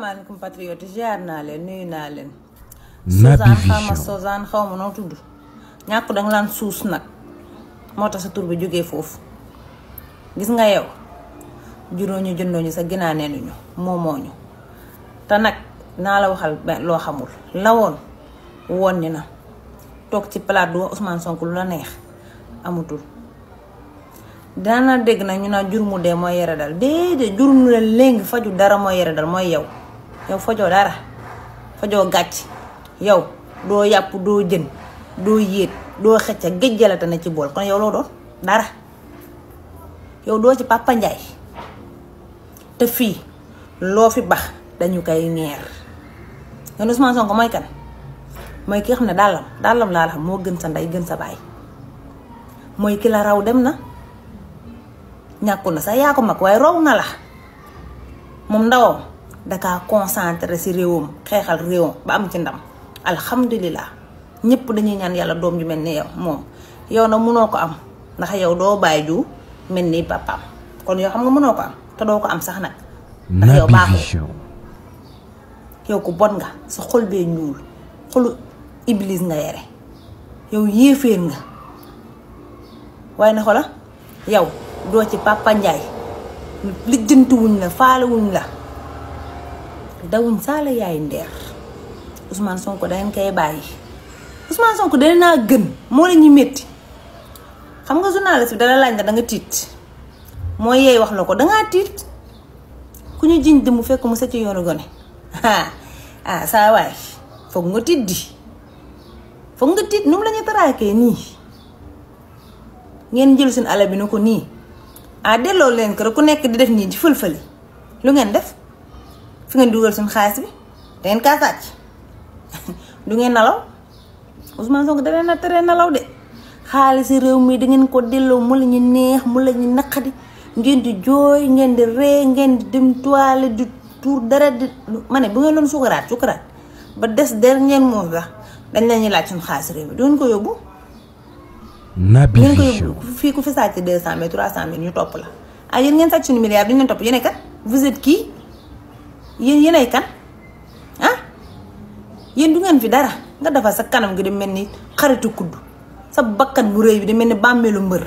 asalaamaaleykum patriote ziar naa leen nuyu naa leen. Naby Vision Sozane xaw ma noo tudd. ñàkk danga laan suus nag moo tax sa tur bi jóge foofu gis nga yow juróoñu jëndooñu sa ginnaaw nee nañu moomooñu te nag naa la waxal loo xamul la woon woon ñu na toog ci palaat du Ousmane Sonko lu la neex amatul. daana dégg nag ñu naa jur mu dee mooy yara dal déedéet jur mu la léegi faju dara mooy yara dal mooy yow. yow fojoo dara fojoo gàcc yow doo yàpp doo jën doo yéet doo xëcc géej jalata na ci bool kon yow loo doon dara yow doo ci Papa te fii loo fi bax dañu koy ñeer yow Ousmane Sonko mooy kan mooy ki xam ne dàllam dàllam laa la moo gën sa ndey gën sa baay mooy ki la raw dem na ñàkku na sax yaa ko mag waaye raw na la moom ndawam dakaa concentré si réewam xeexal réewam ba am ci ndam alhamdulilah ñëpp dañuy ñaan yàlla doom yu mel ni yow moom yow nag mënoo ko am ndax yow doo bàyyi ju mel ni papaam kon yow xam nga munoo ko am te doo ko am sax nag. ndax yow baaxul yow ku bon nga sa xol bee ñuul xolu iblis nga yere yow yéeféer nga waaye na xola yow doo ci papa Ndiaye lijjantiwuñ la faalewuñ la. dawuñ saala yaay ndeer Ousmane Sonko dangeen koy bàyyi Ousmane Sonko dana naa gën moo la ñu métti xam nga journaliste bi dala laaj na danga tiit mooy yeey wax la ko dangaa tiit ku ñu jiñ dëmb fekk mu sa ci yoonu gone ah saa waay foog nga tiit di foog nga tiit nu mu la ñu taraakee nii ngeen jël seen ala bi na ko nii ah delloo leen ko ku nekk di def nii di fël-fëli lu ngeen def fi ngeen dugal suñu xaalis bi da ngeen kaa sàcc du ngeen nalaw Ousmane Sonko da leen a tere nelaw de xaalis réew mii da ngeen ko delloo mu la ñu neex mu la ñu naqadi ngeen di jooy ngeen di ree ngeen di dem toile di tuur dara di ma ne bu ngeen doon sukaraat sukaraat ba des dernier mois sax dañ la ñuy laaj suñu xaalis réew mi du ngeen ko yóbbu. Naby fii ku fi sàcc deux cent mille trois cent mille ñu topp la. ah yéen ngeen sàcc suñu milliard duñ leen topp yéen kat vous êtes yéen yéenay kan ah yéen du ngeen fi dara nga defal sa kanam gi di mel ni xaritu kudd sa bakkan bu rëy bi di mel ni bàmmeelu mbër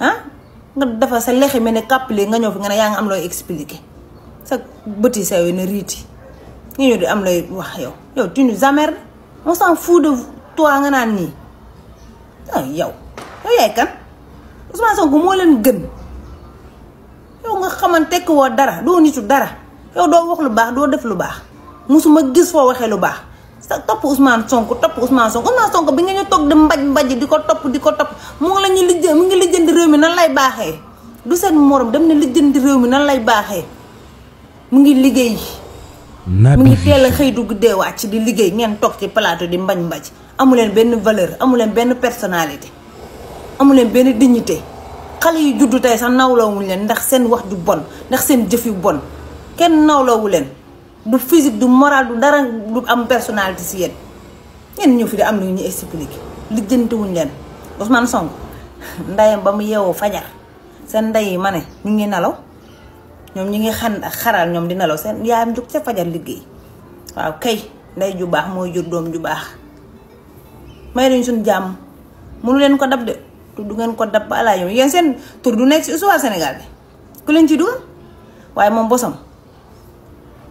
ah nga defar sa lexi mel ni kàppale nga ñëw fi nga ne yaa ngi am looy expliquer sa bëti sa yooyu na riiti nga ñëw di am looy wax yow yow tu nous emmerdes on s'en fout de toi nga naan nii ah yow yow yaay kan Ousmane Sonko moo leen gën yow nga xamante tekk woo dara doo nitu dara yow do wax lu bax do def lu bax musuma gis loba waxe lu bax sa Ousmane Sonko top Ousmane Sonko Ousmane Sonko bi nga ñu tok de mbaj mbaj diko top diko di mo topp mu ngi la ñu lijjë mu ngi lijjëndi réew mi nan lay baxé du sen morom dem na lijjëndi réew mi nan lay baxé mu ngi liggéey mu ngi di liggéey ngeen tok ci plateau di mbaj mbaj amulen ben valeur amulen personality personnalité amulen kali dignité xale yu juddu tay sax nawlawuñ len ndax sen wax du bon ndax sen jëf yu bon kenn nawlawu leen du physique du moral du dara du am personnalité ci yeen ñen ñu fi di am lu ñu li lijjanti wuñ len Ousmane Sonko ndayam ba mu yeewoo fajar Sen nday yi mané ñi ngi nalaw ñom ñi ngi xan xaral ñom di nalaw sen yaam juk ci fajar liggey waaw kay nday ju baax moy jur dom ju baax may dañ suñ jàmm mënu len ko dab de du ngeen ko dab ala yow tur du nekk ci Ousmane Sénégal bi ku len ci dugal waye mom bosam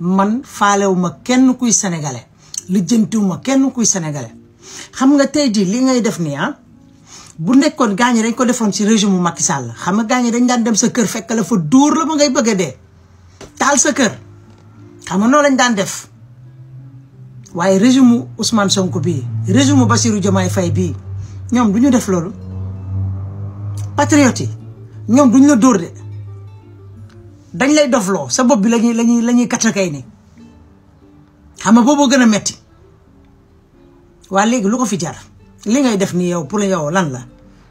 man faalewuma kenn kuy sénégalais lijjantiwuma kenn kuy sénégalais xam nga tey jii li ngay def nii ah bu nekkoon gaañ dañ ko defoon si régime mu Macky Sall xam nga gaañ dañ daan dem sa kër fekk la fa dóor la ba ngay bëgg a dee taal sa xam nga noonu lañ daan def waaye régime mu Ousmane Sonko bii régime mu Bassirou Diomaye Faye bii ñoom du ñu def loolu patriote yi ñoom duñu la dóor de. dañ lay dof loo sa bopp bi lañuy lañuy la ñuy kattakay ne xam nga booboo gën a metti waa léegi lu ko fi jar li ngay def nii yow pour yow lan la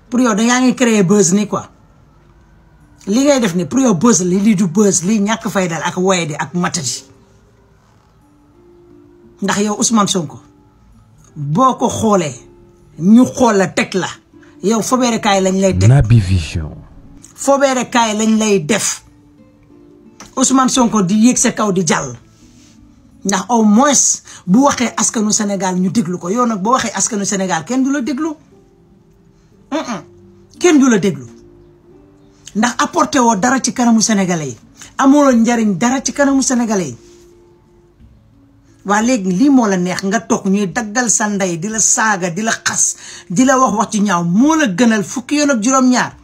pour dañ dangaa ngi créer buzz nii ko li ngay def nii pour yow buzz li lii du bës lii ñàkk fay dal ak waye di ak matadi ndax yow Ousmane Sonko boo ko xoolee ñu xool la teg la yow fobeerekaay lañ lay teg Naby Vision fobeerekaay lañ lay def Ousmane Sonko di yek se kaw di jàll ndax au moins bu waxe askanu senegal ñu deglu ko yo nak boo waxe askanu Sénégal kenn du la déglu kenn du la deglu ndax apporté wo dara ci kanamu sénégalais yi ndariñ dara ci kanamu sénégalais wa li mo la neex nga tok ñuy daggal sa nday di la dila di la di la wax wax ci ñaaw mo la gënal fukki yon ak juroom ñaar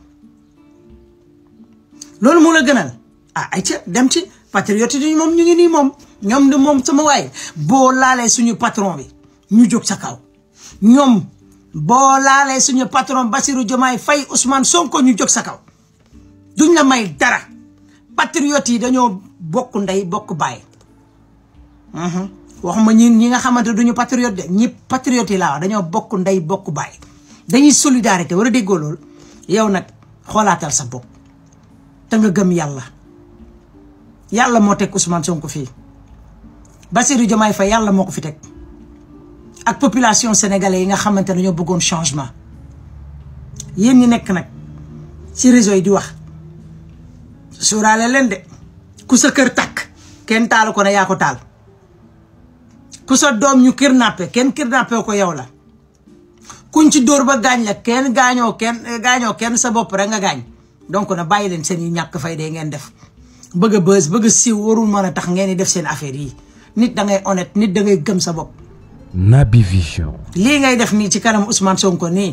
mo la gënal ah ay ca dem ci patriote yi moom ñu ngi nii moom ñoom de moom sama waay boo laalee suñu patron bi ñu jóg sa kaw ñoom boo laalee suñu patron Bassirou fay Faye Ousmane Sonko ñu jóg sa kaw duñ la may dara patriote yi dañoo bokk ndey bokk bàyyi mhm. waxuma ñi ñi nga xamante duñu patriote de ñi patriote yi laa wax dañoo bokk ndey bokk bàyyi dañuy solidarité war a déggoo loolu yow nag xoolaatal sa bopp te nga gëm yàlla yàlla moo teg Ousmane ko fii ba Bassirou Diomaye fa yàlla moo ko fi teg ak population sénégalais yi nga xamante ne ñoo bëggoon changement yéen ñi nekk nag si réseau yi di wax suuraale leen de ku sa kër takk kenn taalu ko ne yaa ko taal ku sa doom ñu kidnappé kenn kidnappé ko yow la kuñ ci dóor ba gaañ la kenn gaañoo kenn gaañoo kenn sa bopp rek nga gaañ donc na bàyyi leen seen yi ñàkk fay de ngeen def bëgg bëss bëgg siw warul mëna tax ngeen def seen affaire yi nit da ngay honnête nit da ngay gëm sa bop nabi Vision. li ngay def ni ci kanam Ousmane Sonko ni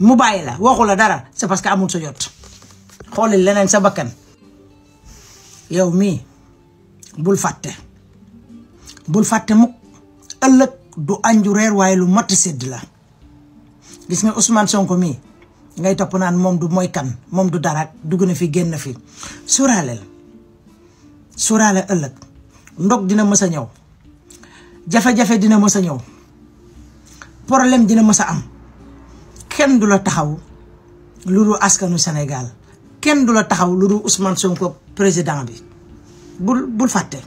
mu bayila la waxu la dara c'est parce que amul sa jot xol leneen sa bakkan yow mi bul fàtte bul fàtte mu ëlëk du anju reer waaye lu mat sedd la gis nga Ousmane Sonko mi ngay top naan mom du moy kan mom du dara du gëna fi genn fi suralel sóoraale ëlëk ndog dina mësa ñëw jafe-jafe dina mësa ñëw problème dina mësa am kenn dula taxaw luru askanu Sénégal kenn dula taxaw luru Ousmane Sonko président bi bul bul faté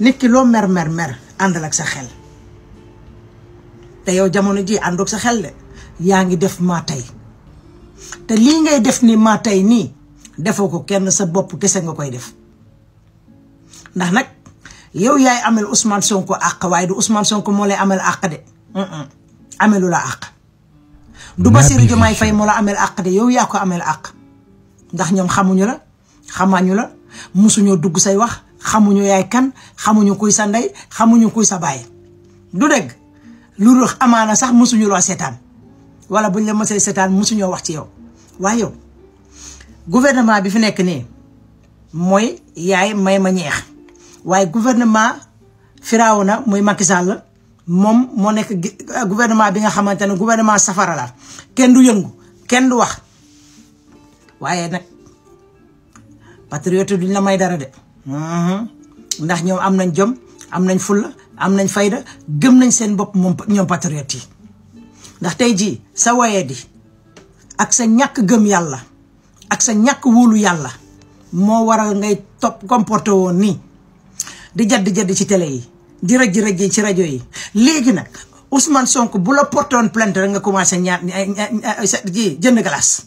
nit ki lo mer mer mer andal ak sa xel té yow jamono ji andok sa xel yaangi def ma tay te li ngay def ni ma tay ni defoko kenn sa bop kessé nga koy def ndax nag yow yaay amel Ousmane Sonko àq waaye du Ousmane Sonko moo lay amel àq de amelu la àq du Bassirou Diomaye Faye moo la amel àq de yow yaa ko ameel àq ndax ñoom xamuñu la xamaañu la musuñoo dugg say wax xamuñu yaay kan xamuñu kuy sa ndey xamuñu kuy sa baay du dégg lu amaana sax musuñu loo seetaan wala buñ la mësee seetaan musuñoo wax ci yow waaye yow gouvernement bi fi nekk nii mooy yaay may ma ñeex waaye gouvernement firawna muy Macky Sall mom mo nek euh, gouvernement bi nga xamantene gouvernement safara la kenn du yeungu kenn du wax waye nak patriote duñ la may dara de mhm. ndax ñom am nañ jom am nañ ful am nañ fayda gem nañ seen bop mom ñom patriote yi ndax tay ji sa waye di ak sa ñak gem yalla ak sa ñak wóolu yalla mo waral ngay top comporté di jadd jadd ci télé yi di rëj rëj ci radio yi légui nak Ousmane Sonko bu la portone plainte rek nga commencé ñaar ji jënd glace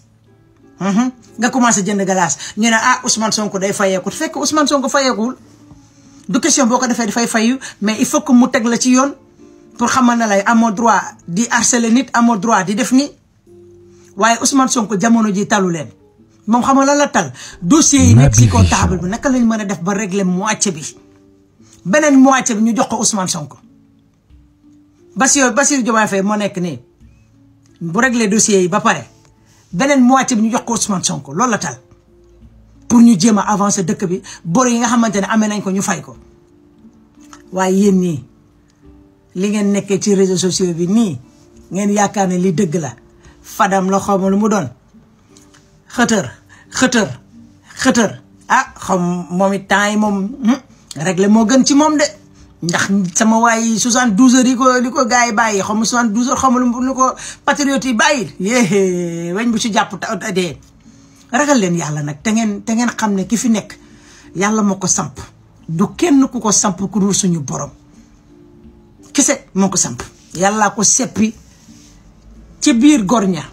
hmm hmm nga commencé jënd glace ñu né ah Ousmane Sonko day fayé ko fekk Ousmane Sonko fayé ko du question boko ko defee fayu mais il faut que mu tégg la ci yoon pour xamal na lay amo droit di harceler nit amo droit di def ni waye Ousmane Sonko jamono ji talu len mom xamal la la tal dossier yi nekk ci comptable bi naka lañ mëna def ba régler moitié bi beneen moitié bi ñu jox ko Ousmane Sonko Bassirou Bassirou Diomaye Faye moo nekk nii bu reglee dossiers yi ba pare beneen moitié bi ñu jox ko Ousmane Sonko loolu la tal pour ñu jéem a avancer dëkk bi bor yi nga xamante ne amee nañ ko ñu fay ko waaye yéen nii li ngeen nekkee ci réseaux sociaux bi nii ngeen yaakaar ne li dëgg la fadam la xawma lu mu doon xëtër xëtër xëtër ah xam moom it temps yi moom hmm. régler moo gën ci moom de ndax sama waay 72 heures yi ko li ko gaa yi bàyyi xaw ma 72 heures xaw ma lu ko patriote yi bàyyi yéé weñ bu ci jàpp dee ragal leen yàlla nag te ngeen te ngeen xam ne ki fi nekk yàlla moo ko samp du kenn ku ko samp ku dul suñu borom kese moo ko samp yàlla ko seppi ci biir gor ña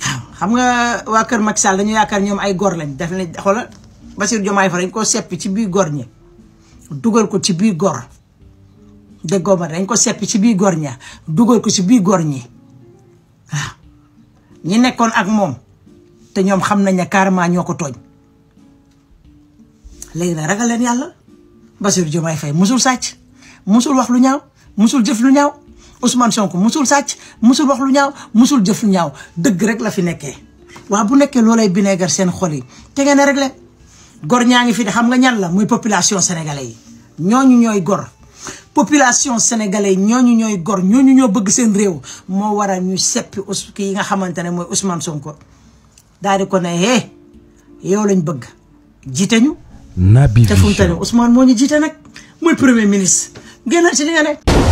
waaw xam nga waa kër Macky Sall dañu yaakaar ñoom ay gor lañ def ne xoolal basir jomay fa dañ ko seppi ci bi gor ñi dugal ko ci bi gor de goma dañ ko seppi ci bi gor ña dugal ko ci bi gor ñi waaw ñi ak mom te ñom xam nañ ne karma ñoko ragal leen yalla basir jomay fay musul sacc musul wax lu ñaaw musul jëf lu ñaaw Ousmane Sonko musul sacc musul wax lu ñaaw musul jëf lu ñaaw deug rek la fi nekké wa bu nekkee seen xol yi te ngeen gor ñaa ngi fi de xam nga ñan la muy population sénégalais yi ñooñu ñooy gor population sénégalais ñooñu ñooy gor ñooñu ñoo bëgg seen réew moo war waral ñu seppi us ki yi nga xamante ne mooy Ousmane Sonko daal di ko ne hé yow lañ bëgg jiite ñu. Naby Vision te fu mu toll moo ñu jiite nag mooy premier ministre génn ci li nga ne.